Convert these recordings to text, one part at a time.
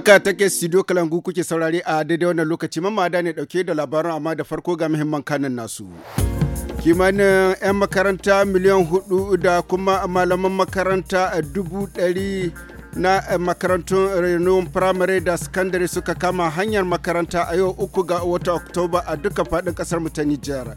ta take studio kalangu kuke saurare a daidai wannan lokaci mamada ne dauke da labaran amma da farko ga muhimman kanan nasu. Kimanin 'yan makaranta miliyan hudu da kuma malaman makaranta dubu dari na makarantun renon firamare da sakandare suka kama hanyar makaranta a yau uku ga wata oktoba a duka fadin kasar mu ta Nijar.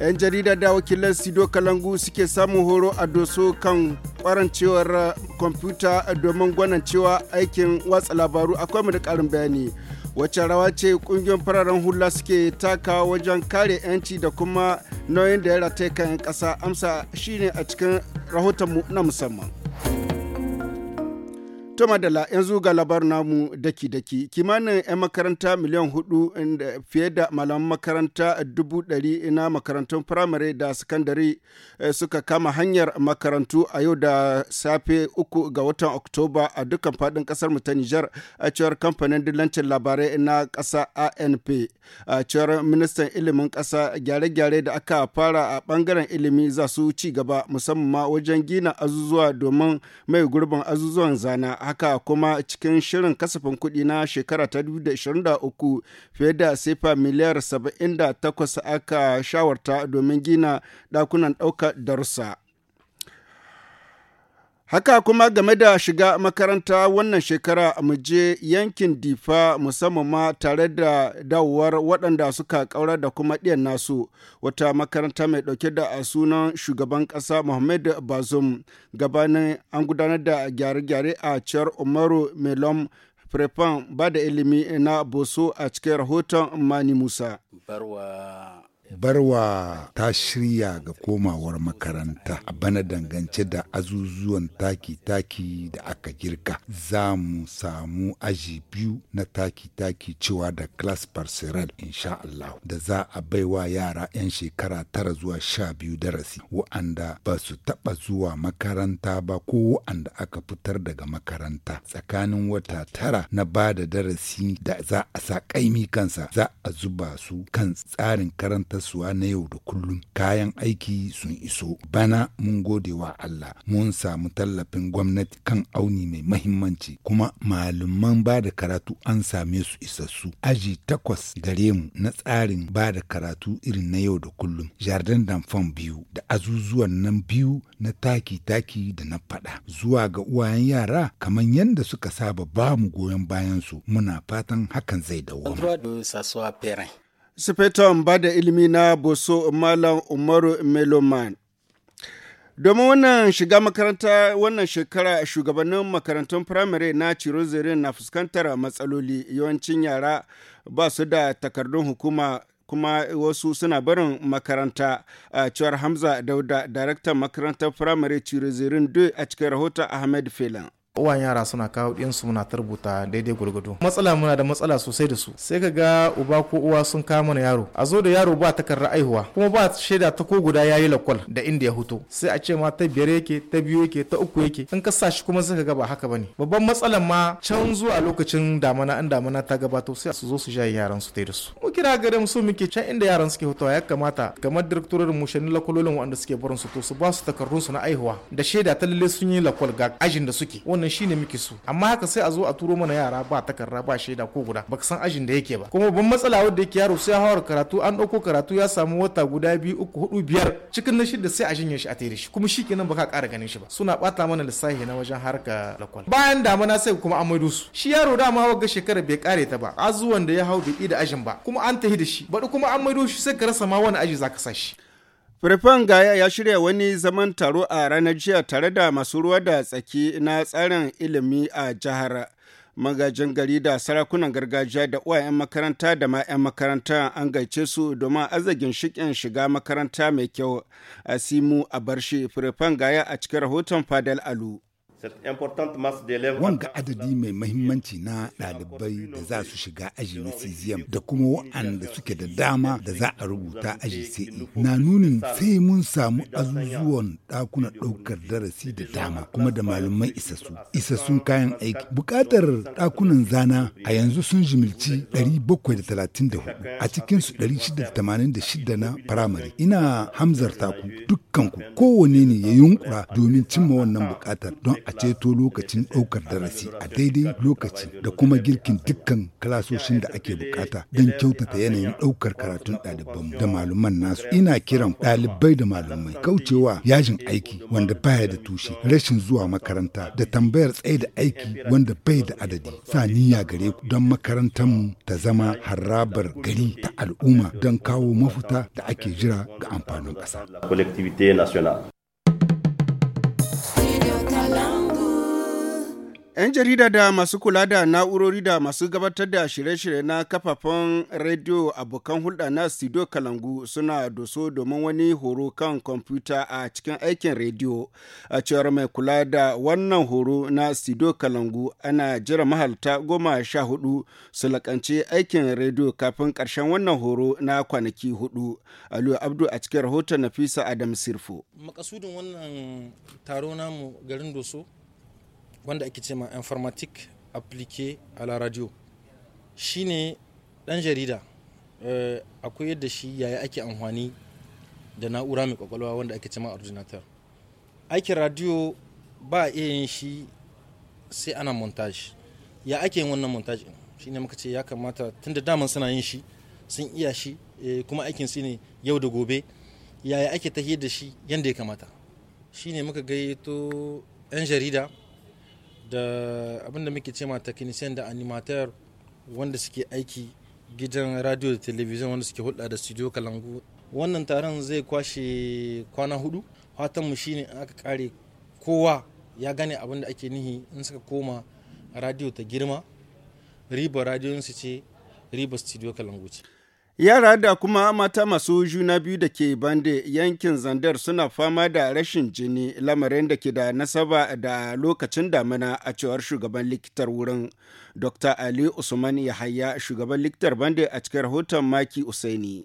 'Yan jarida da wakilan Sido Kalangu suke samun horo a doso kan cewar eh, kwamfuta domin gwanancewa aikin watsa labaru akwai mu da ƙarin bayani wacce rawa ce kungiyoyin fararen hula suke taka wajen kare 'yanci da kuma nauyin da ya rataye kan ƙasa amsa shine a cikin rahotonmu na musamman To madala yanzu ga labar namu daki-daki kimanin 'yan makaranta miliyan hudu fiye da malaman makaranta dubu dari na makarantun firamare da sakandare eh, suka kama hanyar makarantu a yau da safe uku ga watan Oktoba a dukkan fadin kasar mu ta Nijar a cewar kamfanin dillancin labarai na kasa ANP a cewar ministan ilimin ƙasa gyare-gyare da aka fara a ɓangaren ilimi za su ci gaba musamman wajen gina azuzuwa domin mai gurbin azuzuwan zana haka kuma cikin shirin kasafin kuɗi na shekara ta 2023 fiye da sefa miliyar 78 aka shawarta domin gina ɗakunan ɗaukar darussa. Haka kuma game da shiga makaranta wannan shekara mu je yankin Difa musamman ma tare da dawowar waɗanda suka ƙaura da kuma ɗiyan nasu wata makaranta mai ɗauke da a sunan shugaban ƙasa Mohamed Bazoum gabanin an gudanar da gyare-gyare a ciyar Umaru Melom Prepon ba da ilimi na Boso a cikin rahoton Mani Musa. Barwa Barwa ta shirya ga komawar makaranta a bana dangance da azuzuwan taki-taki da aka girka. Za mu samu aji biyu na taki-taki cewa da class parceral insha Allah da za a baiwa yara 'yan shekara tara zuwa sha biyu darasi wa'anda ba su taɓa zuwa makaranta ba ko wa'anda aka fitar daga makaranta tsakanin wata tara na ba da darasi da za a sa kaimi kansa za a zuba su kan tsarin karanta kasuwa na yau da kullum kayan aiki sun iso bana mun gode wa Allah mun samu tallafin gwamnati kan auni mai mahimmanci kuma malaman ba da karatu an same su isassu aji takwas gare mu na tsarin ba da karatu irin na yau da kullum jardin damfan biyu da azuzuwan nan biyu na taki-taki da na fada zuwa ga uwayen yara kamar yadda suka saba ba mu goyon bayan su muna fatan hakan zai dawo. sifeton ba da ilimi na boso malam umaru meloman domin wannan shiga makaranta wannan shekara shugabannin makarantun firamare na cirozirin na fuskantar matsaloli yawancin yara ba su da takardun hukuma kuma wasu suna barin makaranta a cewar hamza dauda daraktan makarantar firamare cirozirin dui a cikin rahoton ahmed Felan. uwan yara suna kawo su muna tarbuta daidai gwargwado matsala muna da matsala sosai da su sai ka ga uba ko uwa sun kawo mana yaro a zo da yaro ba takardar aihuwa kuma ba shaida ta ko guda yayi lakwal da inda ya huto sai a ce ma ta biyar yake ta biyu yake ta uku yake in ka sa kuma sai ka ga ba haka bane babban matsalan ma can zuwa lokacin damana in damana ta gabato sai su zo su jaye yaran su tai da su mu kira gare mu muke can inda yaran suke hutawa ya kamata kamar direktorin mu shanin lakwalolin wanda suke barin su to su ba su takardun su na aihuwa da shaida ta lalle sun yi lakwal ga ajin da suke wannan shine muke so amma haka sai a zo a turo mana yara ba takarda ba shaida ko guda baka san ajin da yake ba kuma ban matsala wanda yake yaro sai hawar karatu an dauko karatu ya samu wata guda biyu uku hudu biyar cikin na shida sai a jinya shi a tere shi kuma shikenan baka kara ganin shi ba suna bata mana lissafi na wajen harka lakwal bayan na sai kuma an maido su shi yaro dama wagga shekara bai kare ta ba azuwan da ya hau bai da ajin ba kuma an tahi da shi baɗi kuma an maido shi sai ka rasa ma wani aji zaka sa shi Firfan Gaya ya shirya wani zaman taro a ranar jiya tare da masu ruwa da tsaki na tsarin ilimi a jihar. magajin gari da sarakunan gargajiya da uwayen makaranta da ma 'yan makaranta an gaice su domin azagin shikin shiga makaranta mai kyau a simu a barshi firfan gaya a cikin rahoton fadal alu Wanga adadi mai mahimmanci na ɗalibai da za su shiga aji na CZM da kuma waɗanda suke da dama da za a rubuta aji CE na nunin sai mun samu azuzuwan ɗakunan ɗaukar darasi da dama kuma da malamai isassu isassun kayan aiki. Bukatar ɗakunan zana a yanzu sun jimilci 734 a cikin su 686 na firamare. Ina hamzarta ku dukkanku kowane ne ya yunkura domin cimma wannan bukatar don a ceto lokacin ɗaukar darasi a daidai lokaci da kuma girkin dukkan kalasoshin da ake bukata don kyautata yanayin ɗaukar karatun ɗalibanmu da malaman nasu ina kiran ɗalibai da malamai kaucewa yajin aiki wanda baya da tushe rashin zuwa makaranta da tambayar tsaye da aiki wanda bai da adadi sa niyya gare ku don makarantarmu ta zama harabar gari ta al'umma don kawo mafuta da ake jira ga amfanin ƙasa. 'Yan jarida da masu kula da na'urori da masu gabatar da shirye-shirye na kafafen rediyo abokan hulɗa na studio Kalangu suna doso domin wani horo kan kwamfuta a cikin aikin rediyo. A cewar mai kula da wannan horo na studio Kalangu ana jira mahalta goma sha hudu su lakance aikin rediyo kafin ƙarshen wannan horo na kwanaki hudu. Aliyu Abdu a cikin rahoton Nafisa Adam Sirfo. Makasudin wannan taro namu garin Doso wanda ake ce informatic applique a la radio shi ne ɗan jarida eh, akwai yadda shi yaya ake amfani da na'ura mai kwakwalwa wanda ake cema ordinator aikin radio ba a iya yin shi sai ana montage ya ake yin wannan montage shi ne muka ce ya kamata tun da daman suna yin shi sun iya shi eh, kuma aikin su ne yau da gobe yaya ake tahiyar da shi yadda ya kamata shi ne muka gayyato 'yan jarida da abinda da muke cema technician da animator wanda suke aiki gidan radio da television wanda suke hulɗa da studio kalangu wannan taron zai kwashe kwana hudu mu shine aka kare kowa ya gane abin da ake nihi in suka koma radio ta girma riba radio su ce riba studio kalangu ce Yara da kuma mata masu juna biyu da ke bande yankin zandar suna fama da rashin jini lamarin da ke da nasaba da lokacin damina a cewar shugaban likitar wurin Dr. Ali Usman Yahaya shugaban likitar bande a cikin rahoton Maki Usaini.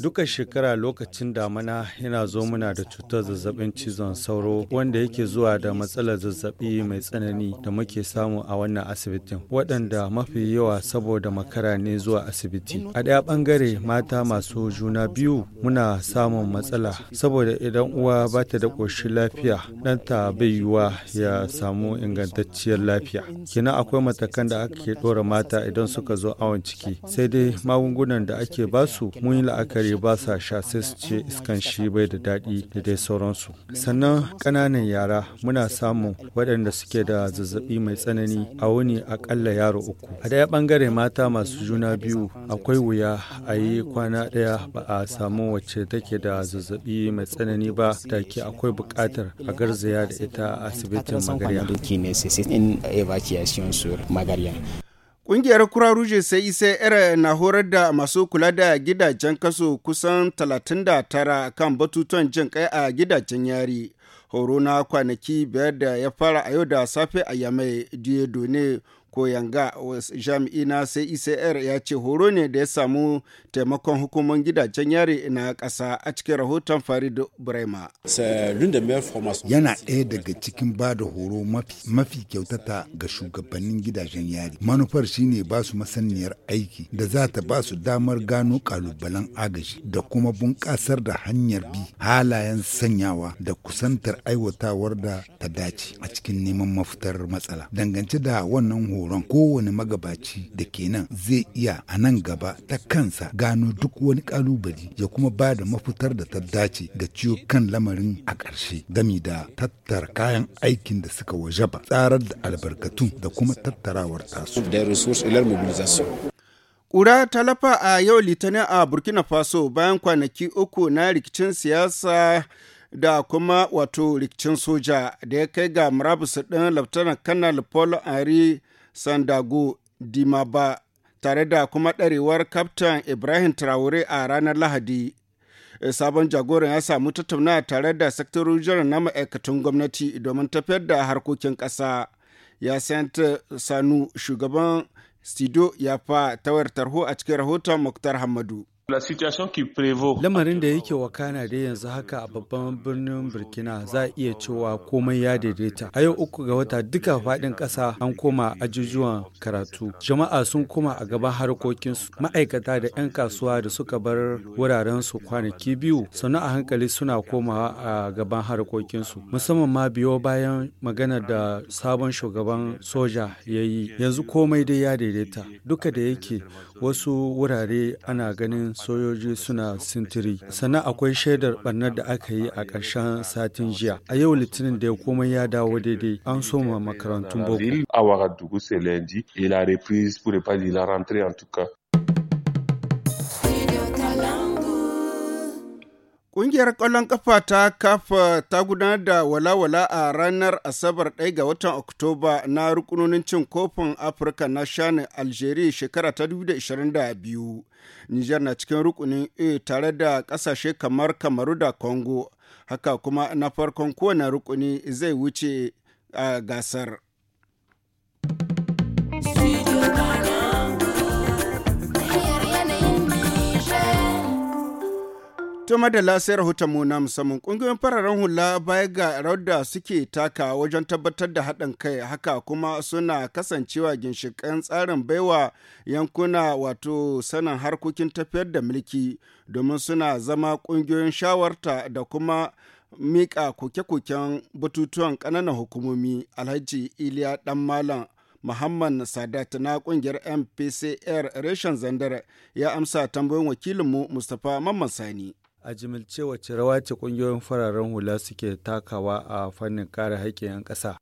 dukkan shekara lokacin damana yana zo muna da cutar zazzabin cizon sauro wanda yake zuwa da matsalar zazzabi mai tsanani da muke samu a wannan asibitin waɗanda mafi yawa saboda makara ne zuwa asibiti. A ɗaya ɓangare mata masu juna biyu muna samun matsala saboda idan uwa ba ta da ƙoshin lafiya ɗanta bai yiwuwa ya samu ingantacciyar lafiya. Kina akwai matakan da ake ɗora mata idan suka zo awon ciki sai dai magungunan da ake basu mun yi la'akari ba sa sha sai su ce iskan shi bai da daɗi da dai sauransu sannan ƙananan yara muna samun waɗanda suke da zazzabi mai tsanani a wuni aƙalla yaro uku a ɗaya ɓangare mata masu juna biyu akwai wuya a yi kwana ɗaya ba a samu wacce take da zazzabi mai tsanani ba da ke akwai buƙatar a garzaya da ita a asibitin magariya Ƙungiyar Kura Ruje sai isa era na horar da masu kula da gidajen kaso kusan 39 kan batutuwan jin kai a gidajen yari. Horo na kwanaki biyar da ya fara a yau da safe a Yamai, ne. koyanga jami'i na cicr e ya ce horo ne da ya samu taimakon hukumar gidajen yari na ƙasa a cikin rahoton farid brema yana ɗaya daga cikin ba da horo mafi kyautata ga shugabannin gidajen yari manufar shine ba su masaniyar aiki da za ta ba su damar gano kalubalen agaji da kuma bunƙasar da hanyar bi halayen sanyawa da kusantar aiwatawar da ta dace a cikin neman mafitar matsala dangance da wannan horo horon kowane magabaci da ke nan zai iya a nan gaba ta kansa gano duk wani kalubali ya kuma ba da mafitar da ta dace ga ciwo kan lamarin a ƙarshe gami da tattara kayan aikin da suka wajaba tsarar da albarkatun da kuma tattarawar tasu. Ƙura ta lafa a yau litinin a Burkina Faso bayan kwanaki uku na rikicin siyasa da kuma wato rikicin soja da ya kai ga murabus ɗin Laftanar Kanal Paul Henry sandago dimaba tare da kuma ɗarewar kaftan ibrahim traore a ranar lahadi eh, sabon jagoran ya samu tattaunawa tare da sektorin jiran na ma'aikatan gwamnati domin tafiyar da harkokin ƙasa ya santa eh, sanu shugaban sido ya fa tawar tarho a cikin rahoton muktar hamadu Lamarin da yake wakana da yanzu haka a babban birnin Burkina za a iya cewa komai ya daidaita. A yau uku ga wata duka faɗin ƙasa an koma ajujuwan karatu. Jama'a sun koma a gaban harkokinsu. Ma'aikata da 'yan kasuwa da suka bar su kwanaki biyu sannu a hankali suna komawa a gaban harkokinsu. Musamman ma biyo bayan magana da sabon shugaban soja ya yi. Yanzu komai dai ya daidaita. Duka da yake wasu wurare ana ganin sojoji suna sintiri. Sannan akwai shaidar barnar da aka yi a ƙarshen satin jiya. A yau Litinin da ya komai ya dawo daidai an soma makarantun boko. Ƙungiyar ƙwallon ƙafa ta kafa ta gudanar da walawala a ranar Asabar 1 ga watan Oktoba na rukunonin cin kofin Afirka na shani Algeria shekara ta 2022. Nijar na cikin rukunin A tare da ƙasashe kamar Kamaru da Congo. Haka kuma na farkon kowane rukuni zai wuce a gasar. da madalla sai mu na musamman kungiyoyin fararen hula baya ga rawar suke taka wajen tabbatar da haɗin kai haka kuma suna kasancewa ginshiƙan tsarin baiwa yankuna wato sanin harkokin tafiyar da mulki domin suna zama kungiyoyin shawarta da kuma miƙa koke-koken batutuwan ƙananan hukumomi alhaji iliya dan malam Muhammad Sadat na kungiyar MPCR reshen Zandar ya amsa tambayoyin wakilinmu Mustapha Mamman Sani. a jimilce wace rawa ce kungiyoyin fararen hula suke takawa a fannin kare haƙƙin 'yan ƙasa.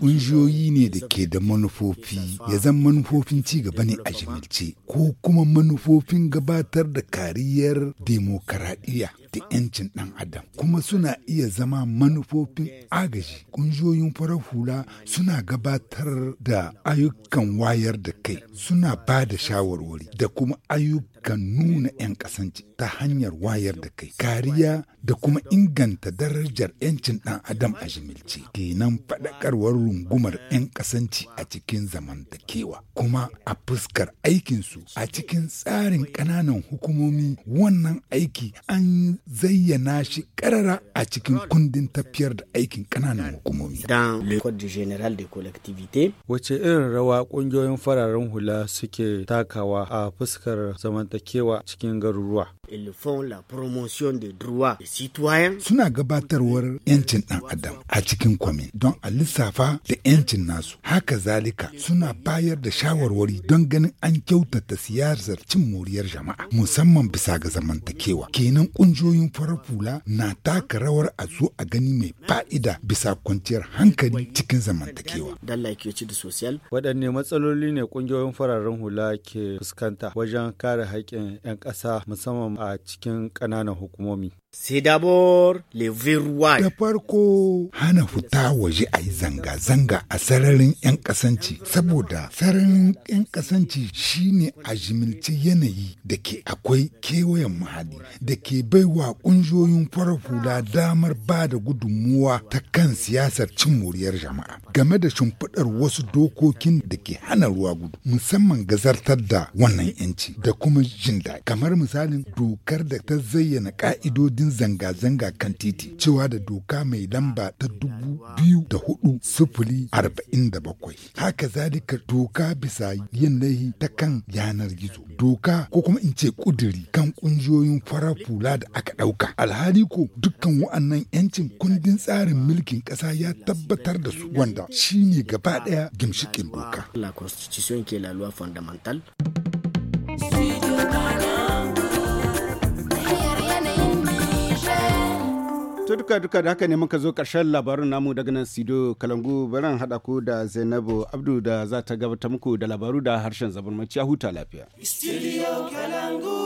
Kungiyoyi ne da ke da manufofi ya zan manufofin ci gaba ne a jimilce ko kuma manufofin gabatar da kariyar demokaradiyya da 'yancin ɗan adam kuma suna iya zama manufofin agaji ƙungiyoyin farar hula suna gabatar da ayyukan wayar da kai suna ba da shawarwari da kuma ayyukan nuna 'yan kasance ta hanyar wayar da kai kariya da kuma inganta darajar 'yancin ɗan adam a jimilce kenan faɗakarwar rungumar 'yan kasanci a cikin zamantakewa kuma a fuskar aikinsu a cikin tsarin ƙananan hukumomi wannan aiki an zayyana shi ƙarara a cikin kundin tafiyar da aikin ƙananan hukumomi. Wace irin rawa ƙungiyoyin fararen hula suke takawa a fuskar zamantakewa cikin garuruwa? Ils la promotion des droits Suna gabatarwar 'yancin ɗan adam a cikin kwamin don a lissafa da 'yancin nasu. Haka zalika suna bayar da shawarwari don ganin an kyautata siyasar cin moriyar jama'a musamman bisa ga zamantakewa. Kenan ƙungiyoyin farar hula na taka rawar a zo a gani mai fa'ida bisa kwanciyar hankali cikin zamantakewa. Waɗanne matsaloli ne ƙungiyoyin fararen hula ke fuskanta wajen kare haƙƙin 'yan ƙasa musamman a cikin ƙananan hukumomi? C'est ruwa le verrouillage. Da farko hana fita waje a yi zanga-zanga a sararin 'yan kasanci, saboda sararin 'yan kasanci shine a jimilci yanayi da ke akwai kewayen muhalli da ke baiwa ƙungiyoyin farar hula damar ba da gudunmuwa ta kan siyasar cin moriyar jama'a game da shimfiɗar wasu dokokin da ke hana ruwa gudu, musamman gazartar da wannan 'yanci da kuma jin daɗi. Kamar misalin dokar da ta zayyana ka'idodin yayin zanga-zanga kan titi cewa da doka mai lamba ta dubu biyu da hudu sufuri arba'in da bakwai haka zalika doka bisa yanayi ta kan yanar gizo doka ko kuma in ce kuduri kan kungiyoyin farar fula da aka dauka alhali ko dukkan wa'annan yancin kundin tsarin mulkin kasa ya tabbatar da su wanda shine gaba daya gimshikin doka la constitution qui est duka duka da haka ne muka zo karshen labarun namu daga nan sido kalangu baran haɗa ku da zainabu abdu da za ta gabatar muku da labaru da harshen zabarmaci ya huta lafiya. Studio Kalangu.